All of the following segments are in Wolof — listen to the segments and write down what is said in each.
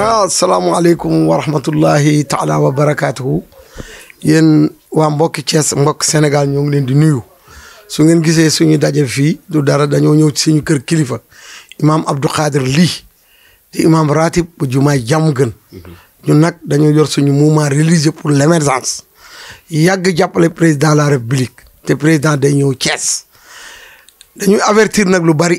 waaw asalaamaaleykum wa rahmatullahi taala wa barakaatuhu yéen waa mbokki Thiès mbokk Sénégal ñoo ngi leen di nuyu su ngeen gisee suñu daje fii du dara dañoo ñëw ci suñu kër kilifa imaam Abdou Khadir lii di imaam ratib bu jumaay jàmm gën ñun nag dañoo yor suñu mouvement religieux pour lemersance yàgg jàppale président la république te président day ñëw Thiès dañuy avertir nag lu bari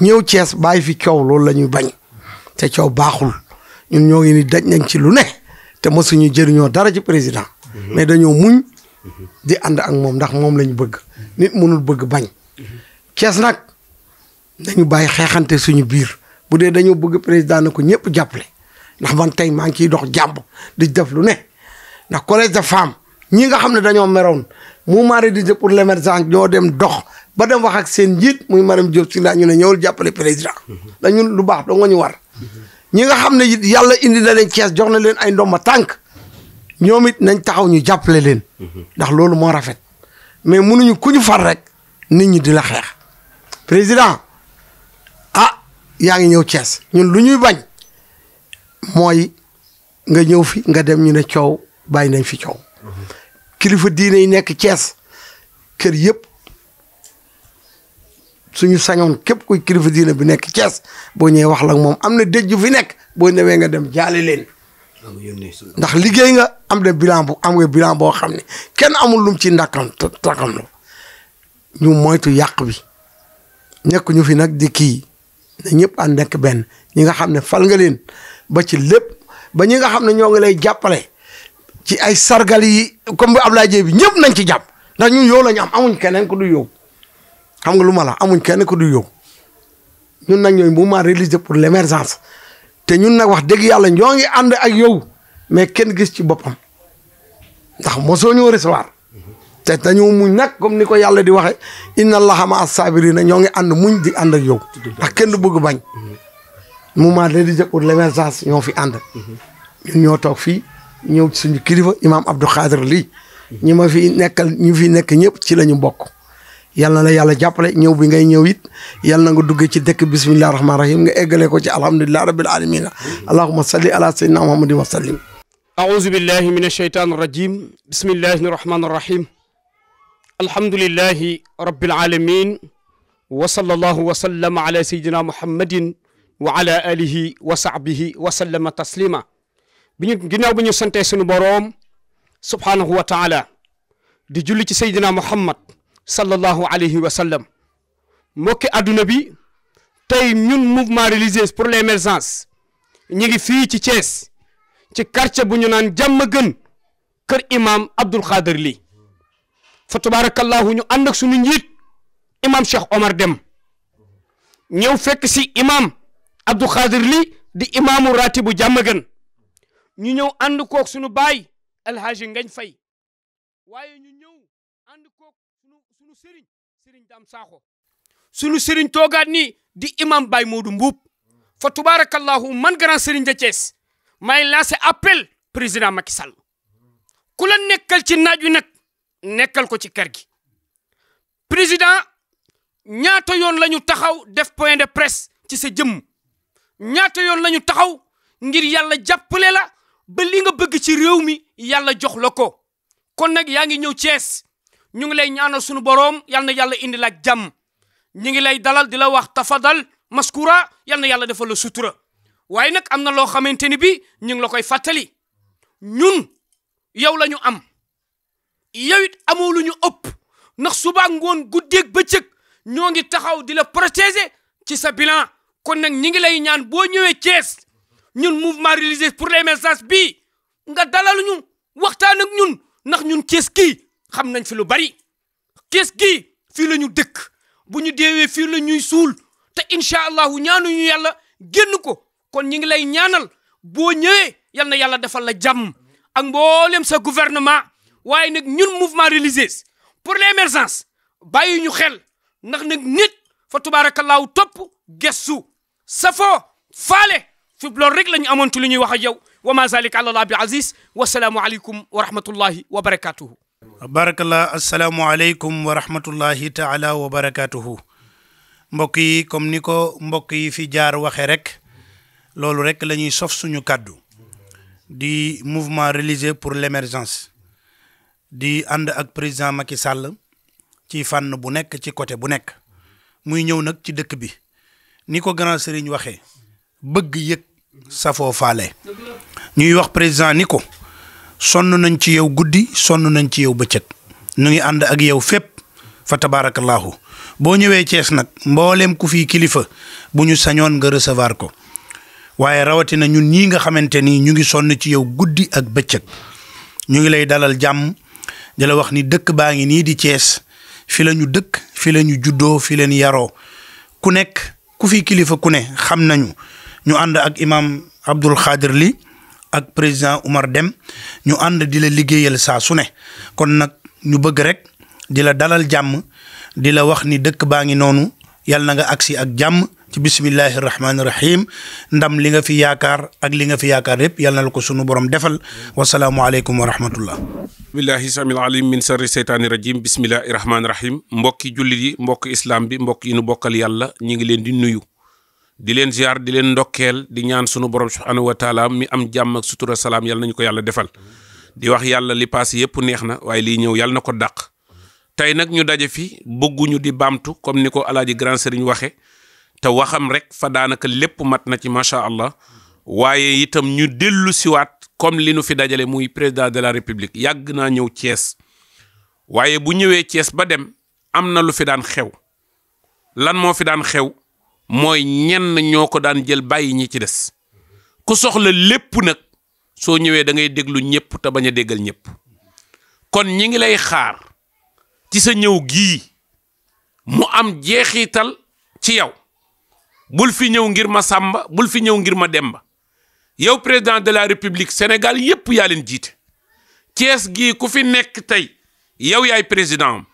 ñëw cees bàyyi fi coow loolu la ñuy bañ te coow baaxul ñun ñoo ngi dañ daj nañ ci lu ne te ma suñu jëriñoo dara ci président mhm. mais dañoo muñ mhm. di ànd ak moom ndax moom lañu bëgg nit mënul bëgg bañ mhm. kees nag dañu bàyyi xeexante suñu biir bu dee dañoo bëgg président na ko ñëpp jàppale ndax man tey maa ngi ciy dox jàmb di def lu ne ndax collège da femmes ñi nga xam ne dañoo meroon mu mari di pour l'émergence ñoo dem dox ba dem wax ak seen njiit muy Maram Diop si laa ñu ne ñëwul jàppale président dañu lu baax doo nga ñu war ñi nga xam ne it yàlla indi na leen Cees jox na leen ay ndomba tànk ñoom it nañ taxaw ñu jàppale leen. Mhm. ndax loolu moo rafet. mais munuñu ku ñu far rek nit ñi di la xeex. président ah yaa ngi ñëw Cees ñun lu ñuy bañ mooy nga ñëw fi nga dem ñu ne coow bàyyi nañ fi coow. Mhm. kilifa diine yi nekk Cees kër yëpp suñu sañoon képp kuy kilifa diine bi nekk Thiès boo ñëwee wax la moom am na dëj ju fi nekk boo ñëwee nga dem jaale leen. ndax liggéey nga am de bilan bu am nga bilan boo xam ne kenn amul lum ci ndakam takam la ñu moytu yàq bi nekk ñu fi nag di kii ne ñëpp ànd nekk benn ñi nga xam ne fal nga leen ba ci lépp ba ñi nga xam ne ñoo nga lay jàppale ci ay sargal yi comme ab Ablaye bi ñëpp nañ ci jàpp ndax ñun yow la ñu am amuñ keneen ku du yow. xam nga lu ma la amuñ kenn ku du yow ñun nag ñooy mouvement religieux pour lémersance te ñun nag wax dëgg yàlla ñoo ngi ànd ak yow mais kenn gis ci boppam ndax soo ñoo recevoir te dañoo muñ nag comme ni ko yàlla di waxe inna allaha ma sabirina ñoo ngi ànd muñ di ànd ak yow ndax kenn du bëgg bañ mouvement religieux pour l' ñoo fi ànd ñun ñoo toog fii ñëw ci suñu kilifa imaam Abdou Khadir lii ñi ma fi nekkal ñu fi nekk ñëpp ci la ñu bokk yal na la yàlla jàppale ñëw bi ngay ñëw it yal na nga duggee ci dëkk bisimilah rahmaani rahiim nga eggalee ko ci alhamdulilah rabil aalamiina allahumma salli ala sayyidina muhammadin wa sallim. aouzu billahi min ashaytaan rajim bismillahi rahmaani rahim alhamdulilahi rabil aalamiin wa sallallahu wa sallam ala sayyidina muhammadin wa ala alihi wa sahbihi wa sallama taslima bi ñu ginnaaw bi ñu santee sunu boroom subhaanahu wa taala di julli ci sayyidina muhammad sallallahu alayhi wa sallam mbokki adduna bi tey ñun mouvement religieux pour l'émergence ñu ngi fii ci Thiès ci quartier bu ñu naan jàmm gën kër imam Abdoul Khader li fa tabarakallahu ñu ànd ak suñu njiit imam Cheikh Omar Dem ñëw fekk si imam Abdoul Khader li di imaamu ratibu jàmm gën ñu ñëw ànd koog sunu baay El Hadji Ngañ Fay sëriñ sëriñ Dame sunu sëriñ toogaat ni di imam Baye Modou Mbuub fa tubaarakallaahu man grand sëriñ de Thiès may lancé appel président Macky sallo ku la nekkal ci naaj wi nag nekkal ko ci kër gi président ñaata yoon la ñu taxaw def point de presse ci sa jëmm ñaata yoon la ñu taxaw ngir yàlla jàppale la ba li nga bëgg ci réew mi yàlla jox la ko kon nag yaa ngi ñëw Thiès ñu ngi lay ñaanal suñu boroom yal na yàlla indi la jàmm ñu ngi lay dalal di la wax tafadal maskura yal na yàlla defal la sutura waaye nag am na loo xamante ni bi ñu ngi la koy fàttali ñun yow la ñu am yow it amoo lu ñu ëpp ndax subaa ngoon guddeeg bëccëg ñoo ngi taxaw di la protéger ci sa bilan kon nag ñi ngi lay ñaan boo ñëwee Thiès ñun mouvement religieux pour l'émergence bi nga dalal ñu waxtaan ak ñun ndax ñun Thiès kii xam nañ fi lu bari kees gii fii la ñu dëkk bu ñu deewee fii la ñuy suul te incha allahu ñaanuñu yàlla génn ko kon ñi ngi lay ñaanal boo ñëwee yal na yàlla defal la jàmm ak mboolem sa gouvernement waaye nag ñun mouvement religieux pour l'émergence bàyyi ñu xel ndax nag nit fa tubaarakallaahu topp gestu safoo faale fi loolu rek la ñu amoon lu ñuy wax ak yow wa ma zalika ala allah bi aziz wasalaamu aleykum wa rahmatullahi wa barakatuhu barakallah asalaamualeykum wa rahmatullahi taala wa barakaatuhu mbokk yi comme ni ko mbokk yi fi jaar waxe rek loolu rek lañuy sof suñu kàddu di mouvement religieux pour l'émergence di ànd ak président Macky Sall ci fànn bu nekk ci côté bu nekk muy ñëw nag ci dëkk bi ni ko grand sëriñ waxee bëgg yëg safoo faale ñuy wax président ni ko sonn nañ ci yow guddi sonn nañ ci yow bëccëg nu ngi ànd ak yow fepp fa tabaarakallaahu boo ñëwee Cees nag mbooleem ku fi kilifa bu ñu sañoon nga recevoir ko waaye rawatina ñu ñii nga xamante ni ñu ngi sonn ci yow guddi ak bëccëg ñu ngi lay dalal jàmm di wax ni dëkk baa ngi nii di Cees fi lañu dëkk fi la juddoo fi leen yaroo ku nekk ku fi kilifa ku ne xam nañu ñu ànd ak imaam Abdul Xaadir li ak président Umar Dem ñu ànd di la liggéeyal saa su ne kon nag ñu bëgg rek di la dalal jàmm di la wax ni dëkk baa ngi noonu yàlla na nga agsi ak jàmm ci bismillahi rahmaani rahim ndam li nga fi yaakaar ak li nga fi yaakaar yëpp yàlla na la ko sunu borom defal wasalaamualeykum wa rahmatullah billahi samil alim min sarri seytaani rajim bismillahi rahmaani rahim mbokki julli yi mbokki islaam bi mbokk yi nu bokkal yàlla ñi ngi leen di nuyu di leen ziar di leen ndokkeel di ñaan sunu borom subhanahu wa taala mi am jàmm sutura salaam yàlla nañu ko yàlla defal di wax yàlla li passé yëpp neex na waaye lii ñëw yàlla na ko dàq tey nag ñu daje fi bëgguñu di baamtu comme ni ko alaaji grand sëriñ waxe te waxam rek fa daanaka lépp mat na ci macha allah waaye itam ñu dellu siwaat comme li nu fi dajale muy président de la république yàgg naa ñëw cees waaye bu ñëwee cees ba dem am na lu fi daan xew lan moo fi daan xew mooy ñenn ñoo ko daan jël bàyyi ñi ci des ku soxla lépp nag soo ñëwee da ngay déglu ñëpp te bañ a déggal ñëpp kon ñi ngi lay xaar ci sa ñëw gii mu am jeexiital ci yow bul fi ñëw ngir ma sàmba bul fi ñëw ngir ma demba yow président de la république Sénégal yépp yaa leen jiite Cees gii ku fi nekk tey yow yaay président am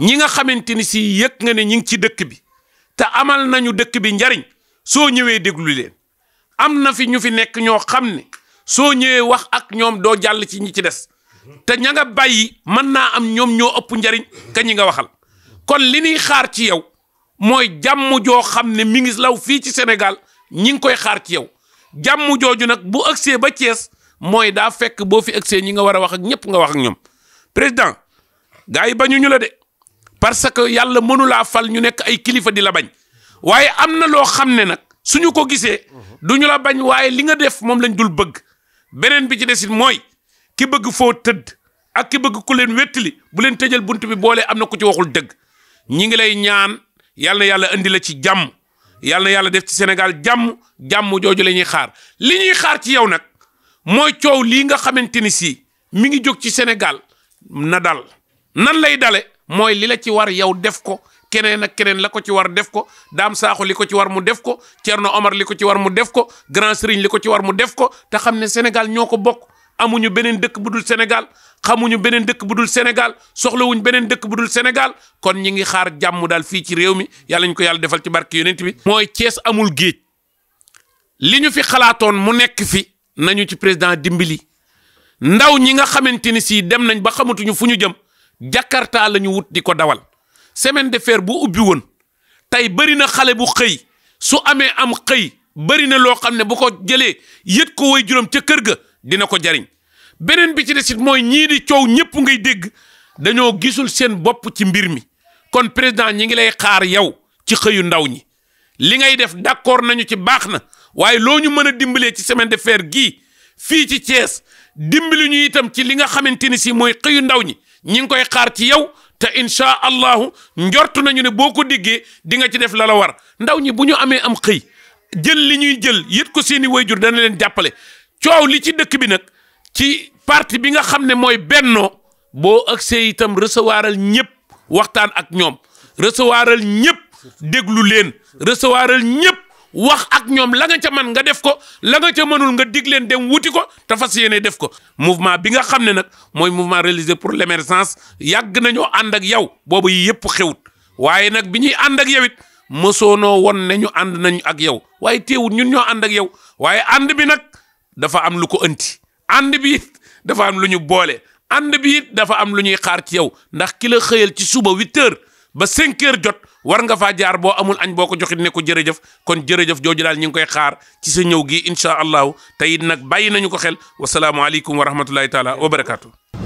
ñi nga xamante ni si yëg nga ne ñi ngi ci dëkk bi te amal nañu dëkk bi njariñ soo ñëwee déglu leen am na fi ñu fi nekk ñoo xam ne soo ñëwee wax ak ñoom doo jàll ci ñi ci des te ña nga bàyyi mën naa am ñoom ñoo ëpp njariñ ka ñi nga waxal kon li ñuy xaar ci yow mooy jàmm joo xam ne mi ngi law fii ci Sénégal ñi ngi koy xaar ci yow jàmm jooju nag bu ëgsee ba cees mooy daa fekk boo fi ëgsee ñi nga war a wax ak ñëpp nga wax ak ñoom président gars yi bañu ñu la de parce que yàlla mënula fal ñu nekk ay kilifa di la bañ waaye am na loo xam ne nag suñu ko gisee du ñu la bañ waaye li nga def moom lañ dul bëgg beneen bi ci desit mooy ki bëgg foo tëdd ak ki bëgg ku leen wettali bu leen tëjal bunt bi boole am na ku ci waxul dëgg ñi ngi lay ñaan yàlla na yàlla indi la ci jàmm yàlla na yàlla def ci Sénégal jàmm jàmm jooju la ñuy xaar li ñuy xaar ci yow nag mooy coow lii nga xamante ni si mi ngi jóg ci senegal na dal nan lay dale mooy li la ci war yow def ko keneen a keneen la ko ci war def ko daam saaxu li ko ci war mu def ko Thierno Omar li ko ci war mu def ko Grand Serigne li ko ci war mu def ko te xam ne Sénégal ñoo ko bokk amuñu beneen dëkk bu dul Sénégal xamuñu beneen dëkk bu dul Sénégal soxlawuñ beneen dëkk bu dul Sénégal kon ñi ngi xaar jàmm daal fii ci réew mi yàlla ko yàlla defal ci barke yonent mi mooy Cees amul géej li ñu fi xalaatoon mu nekk fi nañu ci président dimbali ndaw ñi nga xamante ni si dem nañ ba xamatuñu fu ñu jëm jakarta la ñu wut di ko dawal semaine de fer bu ubbi woon tey bëri na xale bu xëy su amee am xëy bëri na loo xam ne bu ko jëlee yët ko way juróom ca kër ga dina ko jariñ beneen bi ci des it mooy ñii coow ñëpp ngay dégg dañoo gisul seen bopp ci mbir mi kon président ñi ngi lay xaar yow ci xëyu ndaw ñi li ngay def d'accord nañu ci baax na waaye loo ñu mën a dimbalee ci semaine de fer gii fii ci Thiès dimbali ñu itam ci li nga xamante ni si mooy xëyu ndaw ñi ñi ngi koy xaar ci yow te incha allahu njortu nañu ne boo ko diggee di nga ci def la war ndaw ñi bu ñu amee am xëy jël li ñuy jël yët ko seeni jur dana leen jàppale coow li ci dëkk bi nag ci parti bi nga xam ne mooy bennoo boo agsee itam recevoiral ñëpp waxtaan ak ñoom recevoiral ñëpp déglu leen recevoiral ñëpp wax ak ñoom la nga ca man nga def ko la nga ca mënul nga dig leen dem wuti ko te fas yéene def ko mouvement bi nga xam ne nag mooy mouvement réalisé pour l'émergence yàgg nañoo ànd ak yow boobu yi yëpp xewut waaye nag bi ñuy ànd ak yow it mësoonoo woon ne nañu ànd nañ ak yow waaye teewut ñun ñoo ànd ak yow waaye ànd bi nag dafa am lu ko ënti ànd bi it dafa am lu ñu boole ànd bi it dafa am lu ñuy xaar ci yow ndax ki la xëyal ci suba huit ba cinq heures jot war nga faa jaar boo amul añ boo ko joxit ne ko jërëjëf kon jërëjëf jooju daal ñu ngi koy xaar ci sa ñëw gi incha allahu te nag bàyyi nañu ko xel wasalaamualeykum wa rahmatullahi taala wa barakaatu.